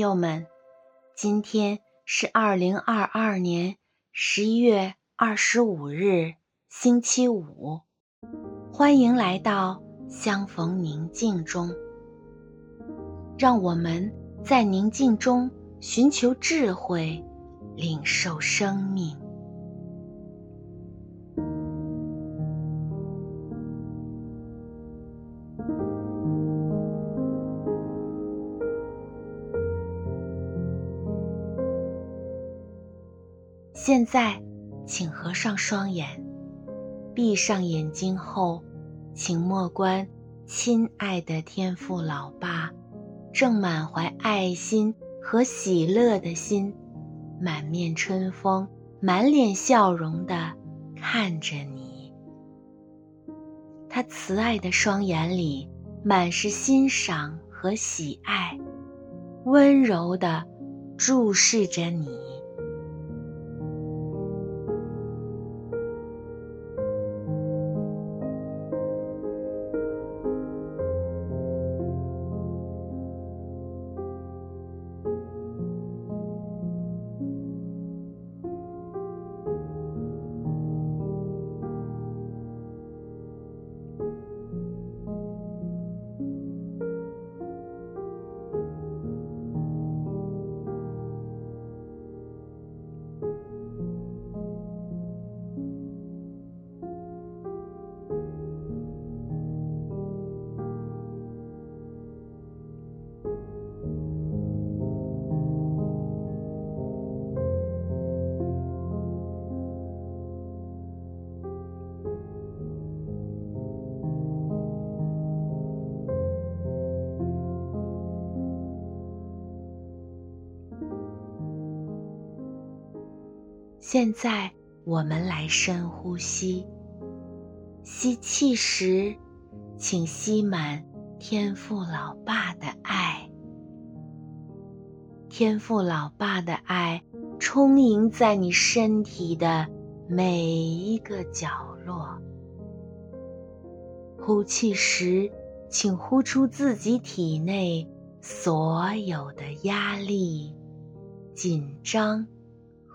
朋友們，今天是二零二二年十一月二十五日，星期五。歡迎來到相逢寧靜中。讓我們在寧靜中尋求智慧，領受生命。現在，請合上雙眼。閉上眼睛後，請默觀。親愛的天父老爸正滿懷愛心和喜樂的心，滿面春風、滿臉笑容地看着你。他慈愛的雙眼裡滿是欣賞和喜愛，溫柔地注視着你。現在我們來深呼吸。吸氣時，請吸滿天父老爸的愛，天父老爸的愛充盈在你身體的每一個角落。呼氣時，請呼出自己體內所有的壓力、緊張。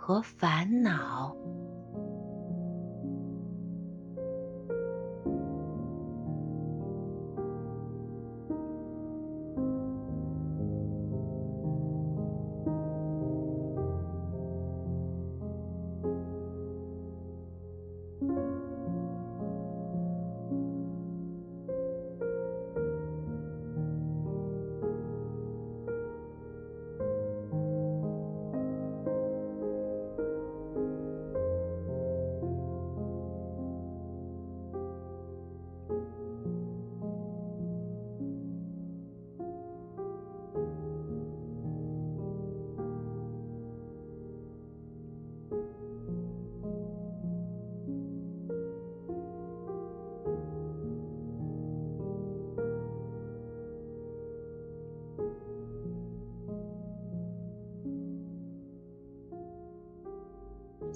和煩惱。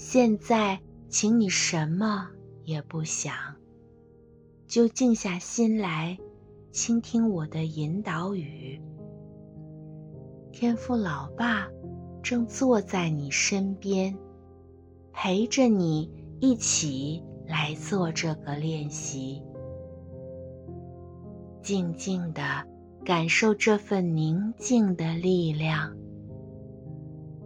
現在，請你什麼也不想，就靜下心來，傾聽我的引導語。天父老爸正坐在你身邊，陪着你一起來做這個練習。靜靜的感受這份寧靜的力量，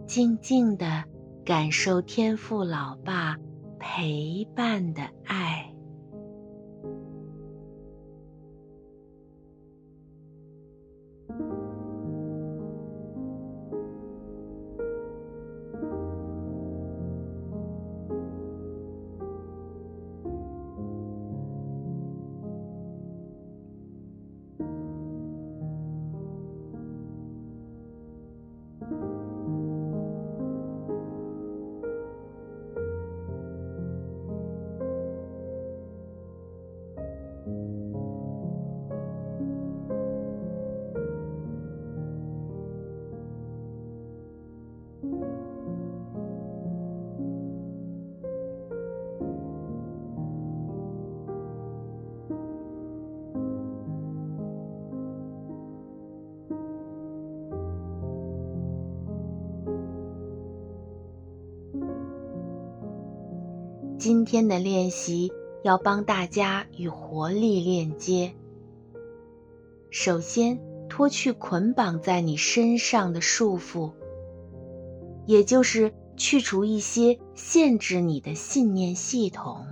靜靜的。感受天父老爸陪伴的愛。今天的練習要幫大家與活力鏈接。首先，脫去捆綁在你身上的束縛，也就是去除一些限制你的信念系統。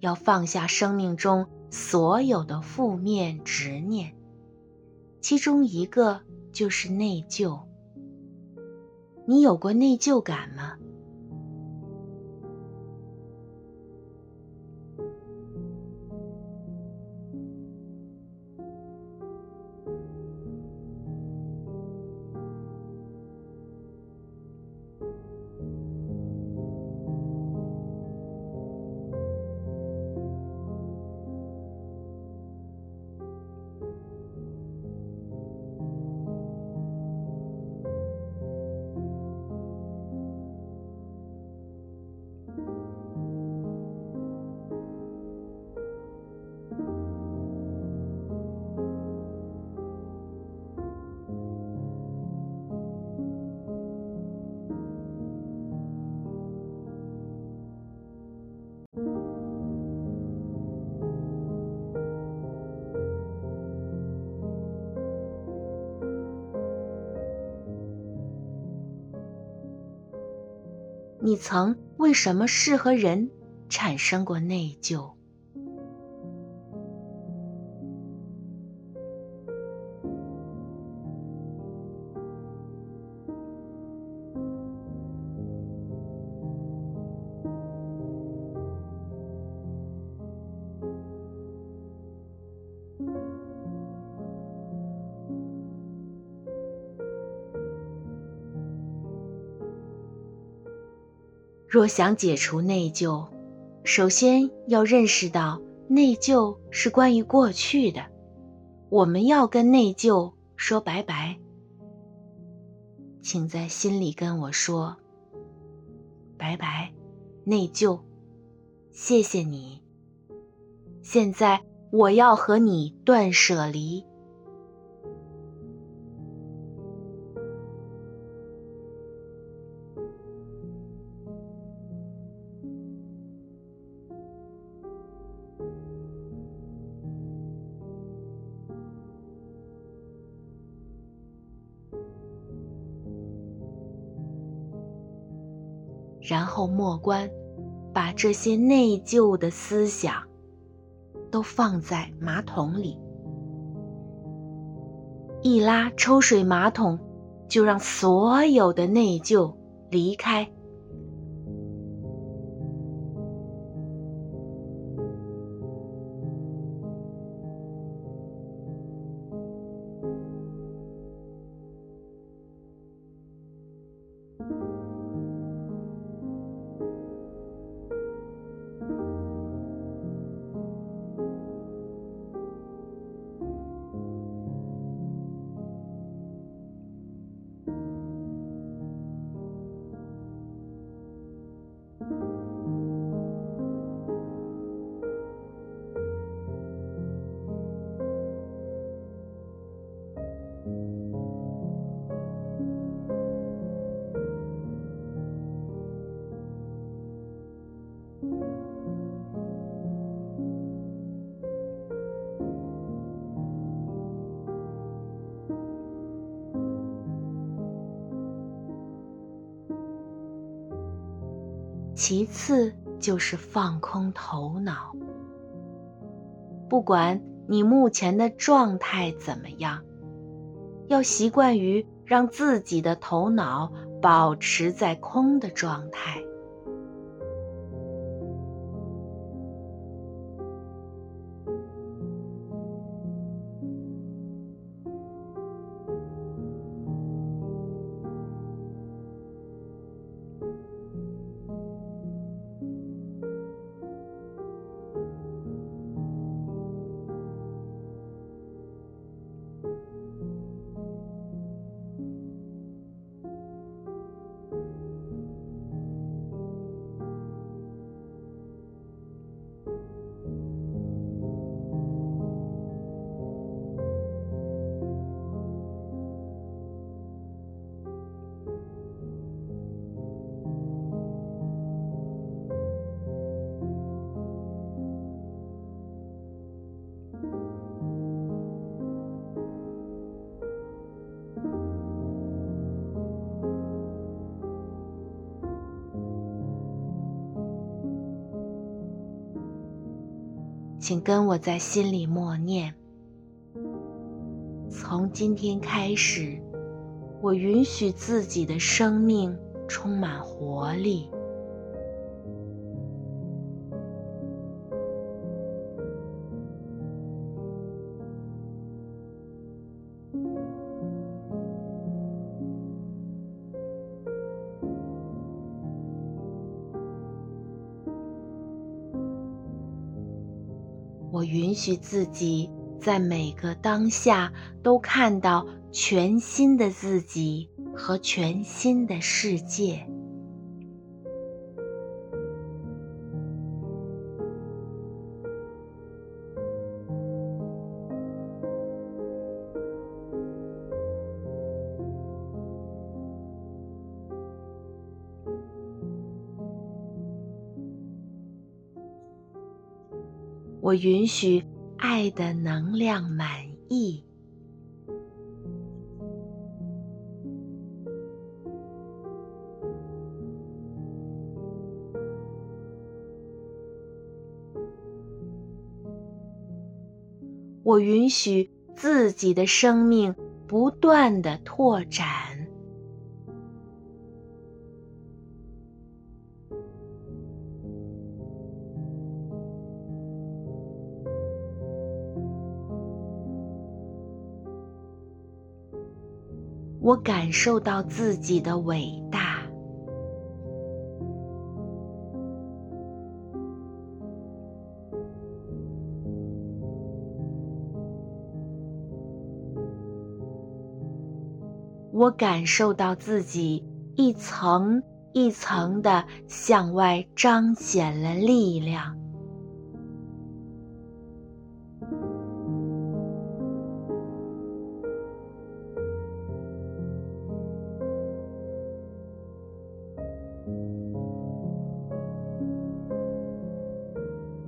要放下生命中所有的負面執念，其中一個就是內疚。你有過內疚感嗎？你曾為什麼事和人產生過內疚？若想解除內疚，首先要認識到內疚是關於過去的。我們要跟內疚說拜拜。請在心裡跟我說：“拜拜，內疚，謝謝你。”現在我要和你斷舍離。然後默觀，把這些內疚的思想，都放在馬桶裡。一拉抽水馬桶，就讓所有的內疚離開。其次就是放空頭腦。不管你目前的狀態怎麼樣，要習慣於讓自己的頭腦保持在空的狀態。請跟我在心裡默念，從今天開始，我允許自己的生命充滿活力。許自己在每個當下都看到全新的自己和全新的世界。我允許愛的能量滿溢。我允許自己的生命不斷地拓展。我感受到自己的偉大，我感受到自己一層一層的向外彰顯了力量。